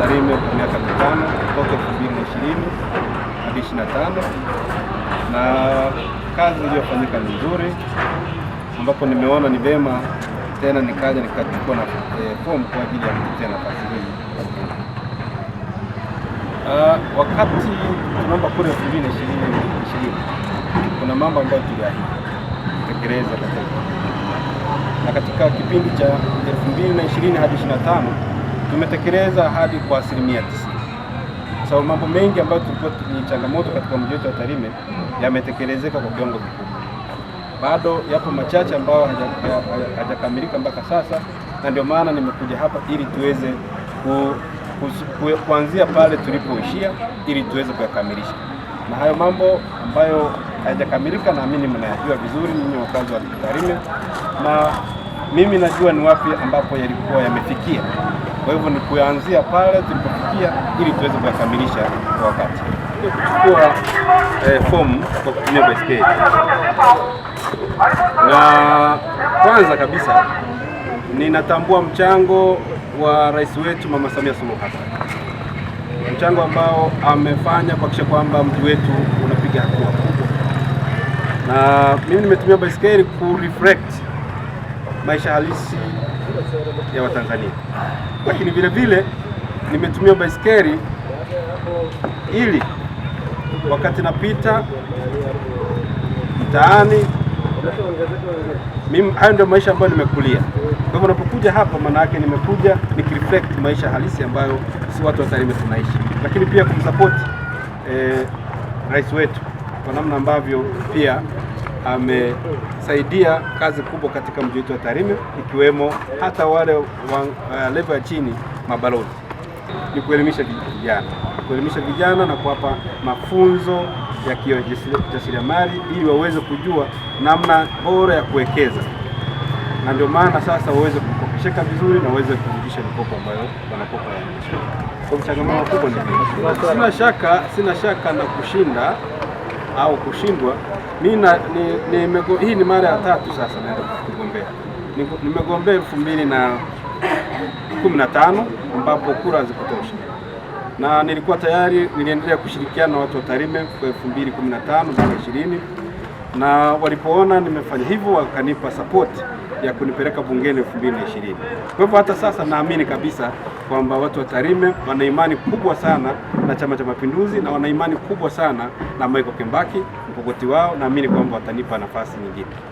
Tarime kwa miaka mitano kutoka 2020 hadi 25 na kazi iliyofanyika ni nzuri, ambapo nimeona ni vema tena nikaja nikachukua na e, fomu kwa ajili ya kutetea kazi hii. Uh, wakati tunaomba kura 2020 kuna mambo ambayo tuliahidi kutekeleza katika na katika kipindi cha 2020 hadi 25 tumetekeleza hadi kwa asilimia tisini kwa sababu so, mambo mengi ambayo tulikuwa ni changamoto katika mji wetu wa Tarime yametekelezeka kwa kiwango kikubwa. Bado yapo machache ambayo hajakamilika mpaka sasa, na ndio maana nimekuja hapa ili tuweze ku, ku, kuanzia pale tulipoishia ili tuweze kuyakamilisha, na hayo mambo ambayo hayajakamilika naamini mnayajua vizuri ninyi wakazi wa Tarime, na mimi najua ni wapi ambapo yalikuwa yamefikia. Kwa hivyo ni kuanzia pale tulipofikia ili tuweze kuyakamilisha kwa wakati. Kuchukua eh, fomu kwa kutumia baiskeli, na kwanza kabisa ninatambua mchango wa rais wetu Mama Samia Suluhu Hassan, mchango ambao amefanya kuhakikisha kwamba mji wetu unapiga hatua kubwa, na mimi nimetumia baiskeli ku reflect maisha halisi ya Watanzania, lakini vile vile nimetumia baisikeli ili wakati napita mtaani. Mimi hayo ndio maisha ambayo nimekulia. Kwa hivyo napokuja hapa, maana yake nimekuja nikireflect maisha halisi ambayo si watu wa Tarime tunaishi, lakini pia kumsapoti eh, rais wetu kwa namna ambavyo pia amesaidia kazi kubwa katika mji wetu wa Tarime, ikiwemo hata wale wa uh, level ya chini mabalozi. Ni kuelimisha vijana, kuelimisha vijana na kuwapa mafunzo ya kijasiriamali ili waweze kujua namna bora ya kuwekeza, na ndio maana sasa waweze kukopesheka vizuri na waweze kurudisha mikopo ambayo wanakopa ya kwa mchangamano mkubwa. Sina shaka, sina shaka na kushinda au kushindwa. Mimi na, ni, ni mego, hii ni mara ya tatu sasa naenda kugombea. Nimegombea elfu mbili na kumi na tano ambapo kura hazikutosha na nilikuwa tayari niliendelea kushirikiana na watu wa Tarime kwa 2015 mpaka 20 na walipoona nimefanya hivyo wakanipa support ya kunipeleka bungeni 2020. Kwa hivyo hata sasa naamini kabisa kwamba watu wa Tarime wana imani kubwa sana na Chama cha Mapinduzi na wana imani kubwa sana na Michael Kembaki, mkogoti wao. Naamini kwamba watanipa nafasi nyingine.